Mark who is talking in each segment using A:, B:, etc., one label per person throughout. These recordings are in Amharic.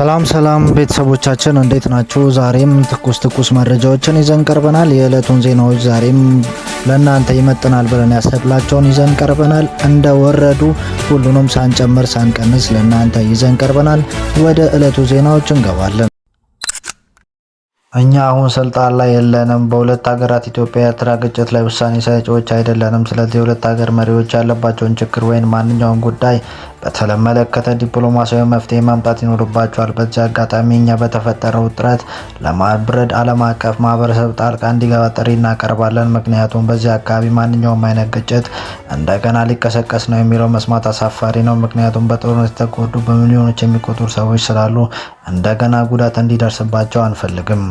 A: ሰላም ሰላም ቤተሰቦቻችን እንዴት ናችሁ? ዛሬም ትኩስ ትኩስ መረጃዎችን ይዘን ቀርበናል። የዕለቱን ዜናዎች ዛሬም ለእናንተ ይመጥናል ብለን ያሰብላቸውን ይዘን ቀርበናል። እንደ ወረዱ ሁሉንም ሳንጨምር ሳንቀንስ ለእናንተ ይዘን ቀርበናል። ወደ ዕለቱ ዜናዎች እንገባለን። እኛ አሁን ስልጣን ላይ የለንም። በሁለት ሀገራት ኢትዮጵያ ኤርትራ ግጭት ላይ ውሳኔ ሰጪዎች አይደለንም። ስለዚህ ሁለት ሀገር መሪዎች ያለባቸውን ችግር ወይም ማንኛውም ጉዳይ በተመለከተ ዲፕሎማሲያዊ መፍትሄ ማምጣት ይኖርባቸዋል። በዚህ አጋጣሚ እኛ በተፈጠረው ውጥረት ለማብረድ ዓለም አቀፍ ማህበረሰብ ጣልቃ እንዲገባ ጥሪ እናቀርባለን። ምክንያቱም በዚህ አካባቢ ማንኛውም አይነት ግጭት እንደገና ሊቀሰቀስ ነው የሚለው መስማት አሳፋሪ ነው። ምክንያቱም በጦርነት የተጎዱ በሚሊዮኖች የሚቆጠሩ ሰዎች ስላሉ እንደገና ጉዳት እንዲደርስባቸው አንፈልግም።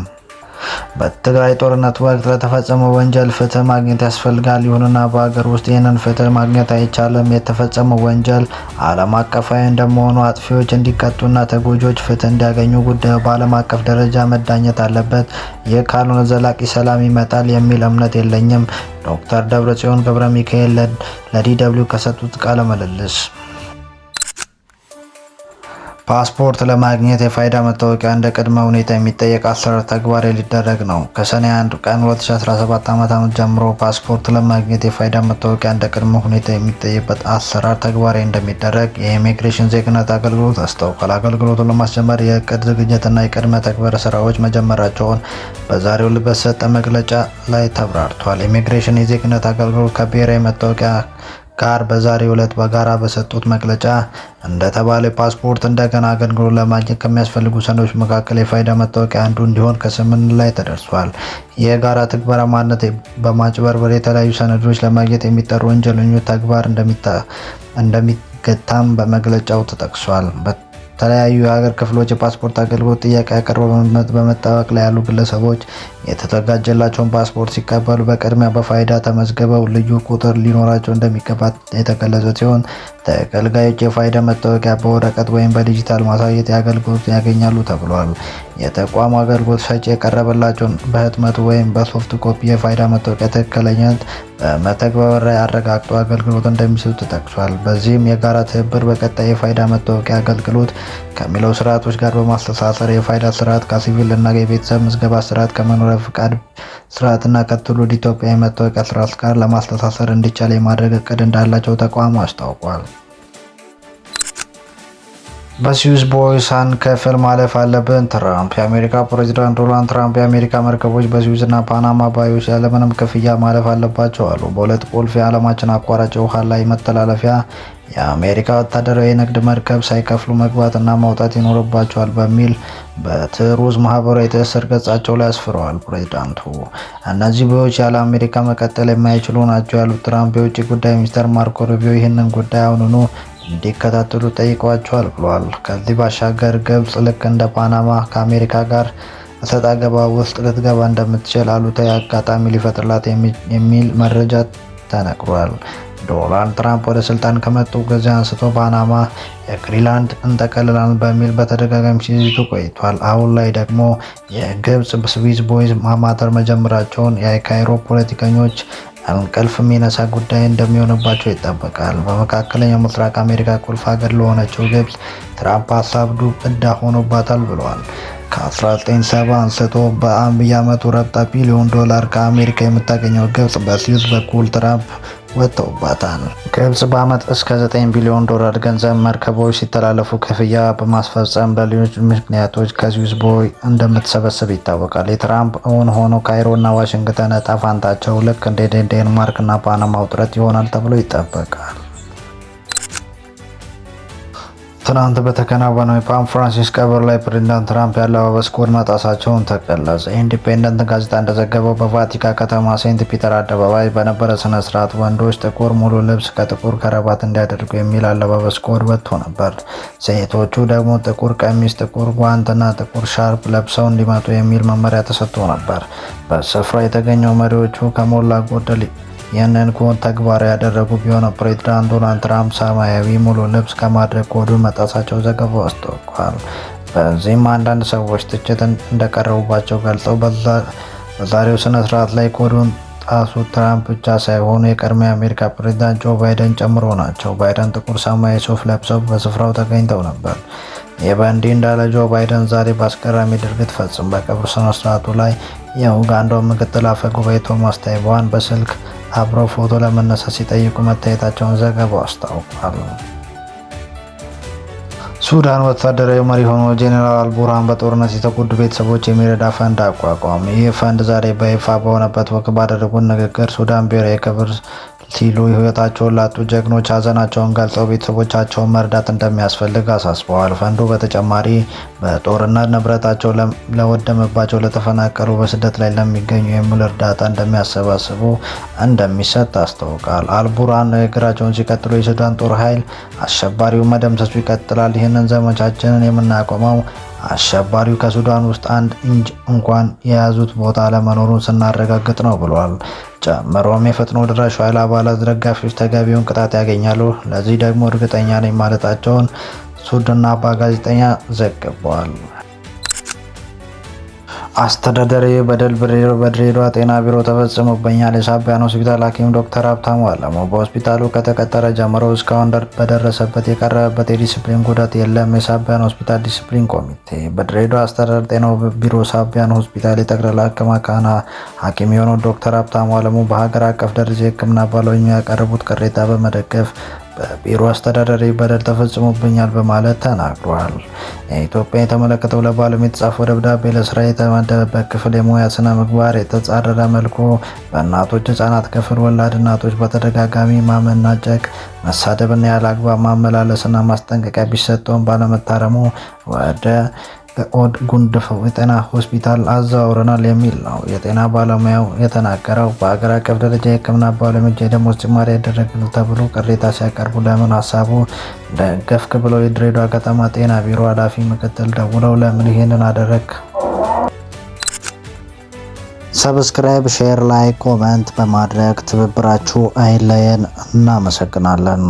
A: በትግራይ ጦርነት ወቅት ለተፈጸመው ወንጀል ፍትህ ማግኘት ያስፈልጋል። ይሁንና በሀገር ውስጥ ይህንን ፍትህ ማግኘት አይቻልም። የተፈጸመው ወንጀል ዓለም አቀፋዊ እንደመሆኑ አጥፊዎች እንዲቀጡና ተጎጂዎች ፍትህ እንዲያገኙ ጉዳዩ በዓለም አቀፍ ደረጃ መዳኘት አለበት። ይህ ካልሆነ ዘላቂ ሰላም ይመጣል የሚል እምነት የለኝም። ዶክተር ደብረጽዮን ገብረ ሚካኤል ለዲ ደብልዩ ከሰጡት ቃለ ምልልስ ፓስፖርት ለማግኘት የፋይዳ መታወቂያ እንደ ቅድመ ሁኔታ የሚጠየቅ አሰራር ተግባራዊ ሊደረግ ነው። ከሰኔ 1 ቀን 2017 ዓ.ም ጀምሮ ፓስፖርት ለማግኘት የፋይዳ መታወቂያ እንደ ቅድመ ሁኔታ የሚጠየቅበት አሰራር ተግባራዊ እንደሚደረግ የኢሚግሬሽን ዜግነት አገልግሎት አስታውቋል። አገልግሎቱ ለማስጀመር የእቅድ ዝግጅትና የቅድመ ተግበር ስራዎች መጀመራቸውን በዛሬው ዕለት መግለጫ ላይ ተብራርቷል። ኢሚግሬሽን የዜግነት አገልግሎት ከብሔራዊ መታወቂያ ጋር በዛሬው ዕለት በጋራ በሰጡት መግለጫ እንደተባለው ፓስፖርት እንደገና አገልግሎት ለማግኘት ከሚያስፈልጉ ሰነዶች መካከል የፋይዳ መታወቂያ አንዱ እንዲሆን ከስምምነት ላይ ተደርሷል። የጋራ ትግበራ ማነት በማጭበርበር የተለያዩ ሰነዶች ለማግኘት የሚጠሩ ወንጀለኞች ተግባር እንደሚገታም በመግለጫው ተጠቅሷል። የተለያዩ የሀገር ክፍሎች የፓስፖርት አገልግሎት ጥያቄ አቅርበው በመጠባበቅ ላይ ያሉ ግለሰቦች የተዘጋጀላቸውን ፓስፖርት ሲቀበሉ በቅድሚያ በፋይዳ ተመዝግበው ልዩ ቁጥር ሊኖራቸው እንደሚገባ የተገለጸ ሲሆን ተገልጋዮች የፋይዳ መታወቂያ በወረቀት ወይም በዲጂታል ማሳየት የአገልግሎት ያገኛሉ ተብሏል። የተቋሙ አገልግሎት ሰጪ የቀረበላቸውን በህትመቱ ወይም በሶፍት ኮፒ የፋይዳ መታወቂያ ትክክለኛነት መተግበር አረጋግጦ አገልግሎት እንደሚሰጡ ተጠቅሷል። በዚህም የጋራ ትብብር በቀጣይ የፋይዳ መታወቂያ አገልግሎት ከሚለው ስርዓቶች ጋር በማስተሳሰር የፋይዳ ስርዓት ከሲቪል እና የቤተሰብ ምዝገባ ስርዓት ከመኖሪያ ፍቃድ ስርዓትና ከትውልደ ኢትዮጵያ የመታወቂያ ስርዓት ጋር ለማስተሳሰር እንዲቻል የማድረግ እቅድ እንዳላቸው ተቋሙ አስታውቋል። በስዊስ ቦይ ሳንከፍል ማለፍ አለብን። ትራምፕ የአሜሪካ ፕሬዚዳንት ዶናልድ ትራምፕ የአሜሪካ መርከቦች በስዊዝ ፓናማ ባዮች ያለምንም ክፍያ ማለፍ አለባቸው አሉ። በሁለት ቁልፍ የዓለማችን አቋራጭ ውሃ ላይ መተላለፊያ የአሜሪካ ወታደራዊ የንግድ መርከብ ሳይከፍሉ መግባትና ማውጣት ይኖርባቸዋል በሚል በትሩዝ ማህበራዊ ትስስር ገጻቸው ላይ አስፍረዋል። ፕሬዚዳንቱ እነዚህ ቦዮች ያለ አሜሪካ መቀጠል የማይችሉ ናቸው ያሉት ትራምፕ የውጭ ጉዳይ ሚኒስትር ማርኮ ሩቢዮ ይህንን ጉዳይ አሁኑኑ እንዲከታተሉ ጠይቋቸዋል ብሏል። ከዚህ ባሻገር ግብጽ ልክ እንደ ፓናማ ከአሜሪካ ጋር እሰጥ አገባ ውስጥ ልትገባ እንደምትችል አሉታዊ አጋጣሚ ሊፈጥርላት የሚል መረጃ ተነግሯል። ዶናልድ ትራምፕ ወደ ስልጣን ከመጡ ጊዜ አንስቶ ፓናማ የግሪንላንድ እንጠቀልላለን በሚል በተደጋጋሚ ሲዝቱ ቆይቷል። አሁን ላይ ደግሞ የግብጽ ስዊዝ ቦይዝ ማማተር መጀመራቸውን የካይሮ ፖለቲከኞች እንቅልፍ የሚነሳ ጉዳይ እንደሚሆንባቸው ይጠበቃል። በመካከለኛው ምስራቅ አሜሪካ ቁልፍ ሀገር ለሆነችው ግብጽ ትራምፕ ሀሳብ ዱብ ዕዳ ሆኖባታል ብለዋል። ከ1970 አንስቶ በየዓመቱ ረብጣ ቢሊዮን ዶላር ከአሜሪካ የምታገኘው ግብጽ በስዊዝ በኩል ትራምፕ ወጥተውባታል። ግብጽ በዓመት እስከ 9 ቢሊዮን ዶላር ገንዘብ መርከቦች ሲተላለፉ ክፍያ በማስፈጸም በሌሎች ምክንያቶች ከስዊዝ ቦይ እንደምትሰበስብ ይታወቃል። የትራምፕ እውን ሆኖ ካይሮና ዋሽንግተን እጣ ፋንታቸው ልክ እንደ እና ፓናማ ውጥረት ይሆናል ተብሎ ይጠበቃል። ትናንት በተከናወነው የፓፕ ፍራንሲስ ቀብር ላይ ፕሬዚዳንት ትራምፕ የአለባበስ ኮድ መጣሳቸውን ተገለጸ። ኢንዲፔንደንት ጋዜጣ እንደዘገበው በቫቲካ ከተማ ሴንት ፒተር አደባባይ በነበረ ስነ ስርዓት ወንዶች ጥቁር ሙሉ ልብስ ከጥቁር ከረባት እንዲያደርጉ የሚል አለባበስ ኮድ ወጥቶ ነበር። ሴቶቹ ደግሞ ጥቁር ቀሚስ፣ ጥቁር ጓንትና ጥቁር ሻርፕ ለብሰው እንዲመጡ የሚል መመሪያ ተሰጥቶ ነበር። በስፍራው የተገኘው መሪዎቹ ከሞላ ጎደል ይህንን ጎል ተግባር ያደረጉ ቢሆንም ፕሬዚዳንት ዶናልድ ትራምፕ ሰማያዊ ሙሉ ልብስ ከማድረግ ጎዱን መጣሳቸው ዘገባ አስታውቋል። በዚህም አንዳንድ ሰዎች ትችት እንደቀረቡባቸው ገልጸው በዛሬው ስነ ስርዓት ላይ ኮዱን ጣሱ ትራምፕ ብቻ ሳይሆኑ የቀድሞ የአሜሪካ ፕሬዚዳንት ጆ ባይደን ጨምሮ ናቸው። ባይደን ጥቁር ሰማያዊ ሱፍ ለብሰው በስፍራው ተገኝተው ነበር። ይህ በእንዲህ እንዳለ ጆ ባይደን ዛሬ በአስገራሚ ድርጊት ፈጽም በቀብር ስነ ስርዓቱ ላይ የኡጋንዳው ምክትል አፈ ጉባኤ ቶማስ ታይቧን በስልክ አብረው ፎቶ ለመነሳት ሲጠይቁ መታየታቸውን ዘገባው አስታውቋል። ሱዳን ወታደራዊ መሪ ሆኖ ጄኔራል አልቡርሃን በጦርነት የተጎዱ ቤተሰቦች የሚረዳ ፈንድ አቋቋም። ይህ ፈንድ ዛሬ በይፋ በሆነበት ወቅት ባደረጉት ንግግር ሱዳን ብሔራዊ ክብር ሲሉ ህይወታቸውን ላጡ ጀግኖች ሀዘናቸውን ገልጸው ቤተሰቦቻቸውን መርዳት እንደሚያስፈልግ አሳስበዋል። ፈንዱ በተጨማሪ በጦርነት ንብረታቸው ለወደመባቸው፣ ለተፈናቀሉ፣ በስደት ላይ ለሚገኙ የሙል እርዳታ እንደሚያሰባስቡ እንደሚሰጥ አስታውቃል። አልቡራን እግራቸውን ሲቀጥሉ የሱዳን ጦር ኃይል አሸባሪውን መደምሰሱ ይቀጥላል። ይህንን ዘመቻችንን የምናቆመው አሸባሪው ከሱዳን ውስጥ አንድ ኢንች እንኳን የያዙት ቦታ ለመኖሩን ስናረጋግጥ ነው ብሏል። ጨምሮም የፈጥኖ ድራሹ ኃይል አባላት ደጋፊዎች ተገቢውን ቅጣት ያገኛሉ፣ ለዚህ ደግሞ እርግጠኛ ነኝ ማለታቸውን ሱድና አባ ጋዜጠኛ ዘግቧል። አስተዳደሪ በደል በድሬዳዋ ጤና ቢሮ ተፈጽሞብኛል። የሳቢያን ሆስፒታል ሐኪም ዶክተር ሀብታሙ አለሙ በሆስፒታሉ ከተቀጠረ ጀምሮ እስካሁን በደረሰበት የቀረበበት የዲስፕሊን ጉዳት የለም። የሳቢያን ሆስፒታል ዲስፕሊን ኮሚቴ በድሬዳዋ አስተዳደር ጤና ቢሮ ሳቢያን ሆስፒታል የጠቅላላ ሕክምና ሐኪም የሆኑት ዶክተር ሀብታሙ አለሙ በሀገር አቀፍ ደረጃ የሕክምና ባለሙያ ያቀረቡት ቅሬታ በመደገፍ በቢሮ አስተዳዳሪ በደል ተፈጽሞብኛል በማለት ተናግሯል። ኢትዮጵያ የተመለከተው ለባለም የተጻፈው ደብዳቤ ለስራ የተመደበበት ክፍል የሙያ ስነ ምግባር የተጻረረ መልኩ በእናቶች ህጻናት ክፍል ወላድ እናቶች በተደጋጋሚ ማመናጨቅ፣ መሳደብና ያለ አግባብ ማመላለስና ማስጠንቀቂያ ቢሰጠውን ባለመታረሙ ወደ ኦድ ጉንድፎ የጤና ሆስፒታል አዘዋውረናል የሚል ነው የጤና ባለሙያው የተናገረው። በአገር አቀፍ ደረጃ የህክምና ባለሙያዎች የደሞዝ ጭማሪ ያደረግን ተብሎ ቅሬታ ሲያቀርቡ ለምን ሀሳቡ ደገፍክ ብለው የድሬዳዋ ከተማ ጤና ቢሮ ኃላፊ ምክትል ደውለው ለምን ይሄንን አደረግ ሰብስክራይብ፣ ሼር ላይ ኮመንት በማድረግ ትብብራችሁ አይለየን። እናመሰግናለን።